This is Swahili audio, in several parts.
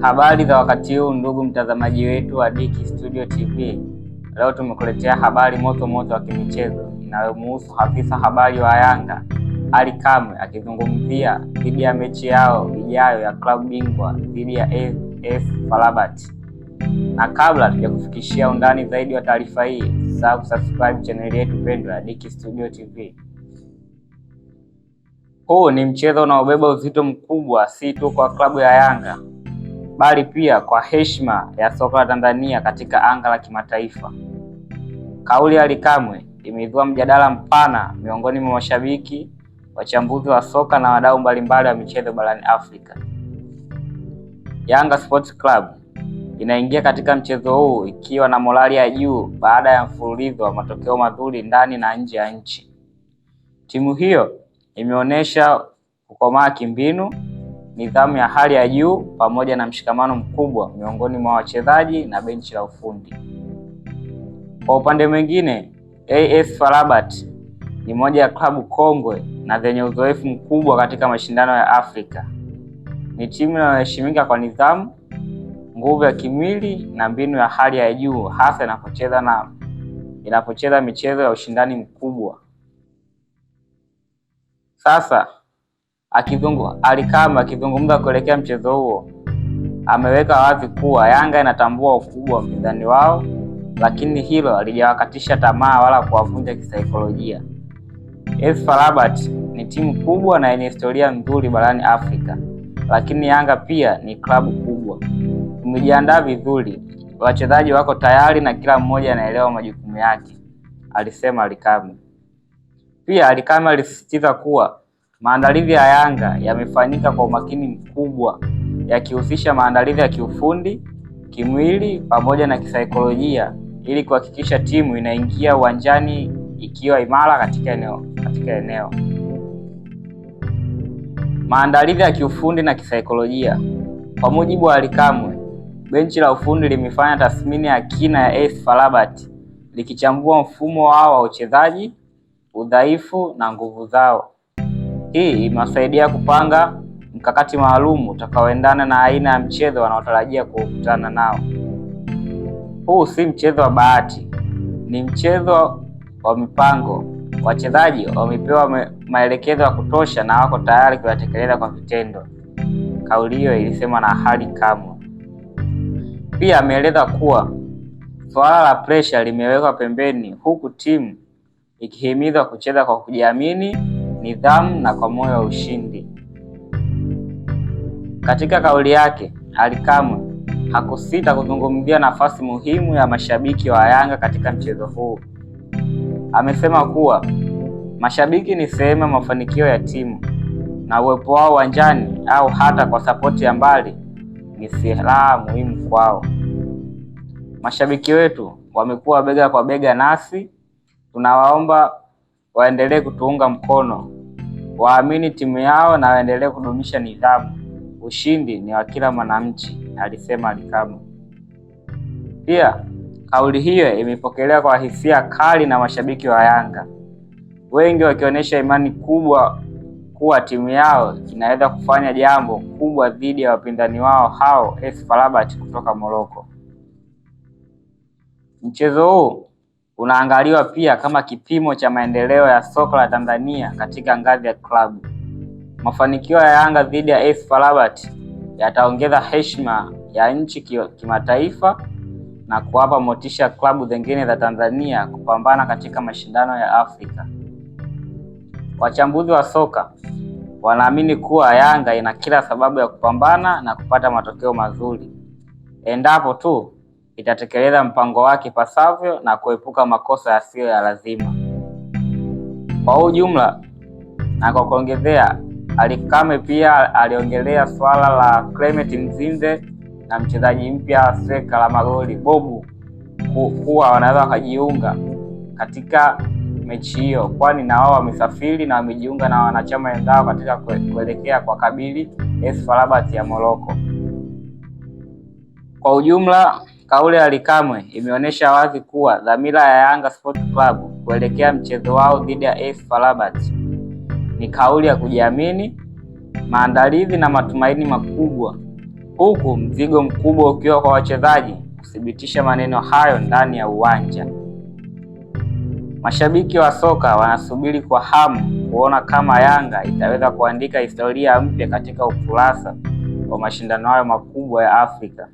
Habari za wakati huu, ndugu mtazamaji wetu wa Dicky Studio TV. Leo tumekuletea habari moto moto wa kimichezo inayomuhusu afisa habari wa Yanga Ali Kamwe akizungumzia dhidi ya mechi yao ijayo ya klabu bingwa dhidi ya AS Farabat. Na kabla tujakufikishia undani zaidi wa taarifa hii, saa kusubscribe chaneli yetu pendwa ya Dicky Studio TV. Huu ni mchezo unaobeba uzito mkubwa si tu kwa klabu ya Yanga bali pia kwa heshima ya soka la Tanzania katika anga la kimataifa. Kauli ya Ally Kamwe imeibua mjadala mpana miongoni mwa mashabiki, wachambuzi wa soka na wadau mbalimbali wa michezo barani Afrika. Yanga Sports Club inaingia katika mchezo huu ikiwa na morali ya juu baada ya mfululizo wa matokeo mazuri ndani na nje ya nchi. Timu hiyo imeonyesha ukomaa kimbinu nidhamu ya hali ya juu pamoja na mshikamano mkubwa miongoni mwa wachezaji na benchi la ufundi. Kwa upande mwingine, AS FAR Rabat ni moja ya klabu kongwe na zenye uzoefu mkubwa katika mashindano ya Afrika. Ni timu inayoheshimika kwa nidhamu, nguvu ya kimwili na mbinu ya hali ya juu hasa inapocheza na inapocheza michezo ya ushindani mkubwa. Sasa akizungu alikama akizungumza kuelekea mchezo huo, ameweka wazi kuwa Yanga inatambua ukubwa wa mpinzani wao, lakini hilo halijawakatisha tamaa wala kuwavunja kisaikolojia. AS FAR Rabat ni timu kubwa na yenye historia nzuri barani Afrika, lakini Yanga pia ni klabu kubwa. Tumejiandaa vizuri, wachezaji wako tayari na kila mmoja anaelewa majukumu yake, alisema Alikame. Pia Alikame alisisitiza kuwa Maandalizi ya Yanga yamefanyika kwa umakini mkubwa yakihusisha maandalizi ya kiufundi, kimwili pamoja na kisaikolojia ili kuhakikisha timu inaingia uwanjani ikiwa imara katika eneo katika eneo. Maandalizi ya kiufundi na kisaikolojia. Kwa mujibu wa Alikamwe, benchi la ufundi limefanya tathmini ya kina ya AS FAR Rabat likichambua mfumo wao wa uchezaji, udhaifu na nguvu zao. Hii imewasaidia kupanga mkakati maalum utakaoendana na aina ya mchezo wanaotarajia kukutana nao. Huu si mchezo wa bahati, ni mchezo wa mipango. Wachezaji wamepewa maelekezo ya kutosha na wako tayari kuyatekeleza kwa vitendo. Kauli hiyo ilisema na hali kamwe. Pia ameeleza kuwa suala la presha limewekwa pembeni, huku timu ikihimizwa kucheza kwa kujiamini nidhamu na kwa moyo wa ushindi. Katika kauli yake, Ally Kamwe hakusita kuzungumzia nafasi muhimu ya mashabiki wa Yanga katika mchezo huu. Amesema kuwa mashabiki ni sehemu ya mafanikio ya timu na uwepo wao uwanjani au hata kwa sapoti ya mbali ni silaha muhimu kwao. Mashabiki wetu wamekuwa bega kwa bega nasi, tunawaomba waendelee kutuunga mkono, waamini timu yao na waendelee kudumisha nidhamu. Ushindi ni wa kila mwananchi, alisema Likamo. Pia kauli hiyo imepokelewa kwa hisia kali na mashabiki wa Yanga, wengi wakionyesha imani kubwa kuwa timu yao inaweza kufanya jambo kubwa dhidi ya wapinzani wao hao AS FAR Rabat kutoka Morocco. Mchezo huu unaangaliwa pia kama kipimo cha maendeleo ya soka la Tanzania katika ngazi ya klabu. Mafanikio ya Yanga dhidi ya AS FAR Rabat yataongeza heshima ya nchi kimataifa na kuwapa motisha klabu zingine za Tanzania kupambana katika mashindano ya Afrika. Wachambuzi wa soka wanaamini kuwa Yanga ina kila sababu ya kupambana na kupata matokeo mazuri endapo tu itatekeleza mpango wake pasavyo na kuepuka makosa yasiyo ya lazima. Kwa ujumla na kwa kuongezea, Alikame pia aliongelea swala la Clement Mzinze na mchezaji mpya Seka la magoli Bobu kuwa wanaweza wakajiunga katika mechi hiyo, kwani na wao wamesafiri na wamejiunga na wanachama wenzao katika kuelekea kwa kabili AS FAR Rabat ya Morocco. Kwa ujumla Kauli ya Alikamwe imeonyesha wazi kuwa dhamira ya Yanga Sport Club kuelekea mchezo wao dhidi ya AS FAR Rabat ni kauli ya kujiamini, maandalizi na matumaini makubwa, huku mzigo mkubwa ukiwa kwa wachezaji kuthibitisha maneno hayo ndani ya uwanja. Mashabiki wa soka wanasubiri kwa hamu kuona kama Yanga itaweza kuandika historia mpya katika ukurasa wa mashindano hayo makubwa ya Afrika.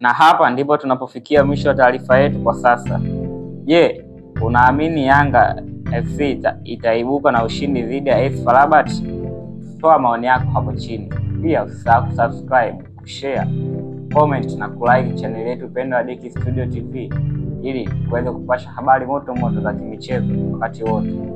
Na hapa ndipo tunapofikia mwisho wa taarifa yetu kwa sasa. Je, unaamini Yanga FC ita, itaibuka na ushindi dhidi ya AS Farabat? Toa maoni yako hapo chini. Pia usisahau kusubscribe, kushare, comment na kulike channel yetu pendwa ya Dicky Studio TV ili kuweza kupasha habari moto moto za kimichezo wakati wote.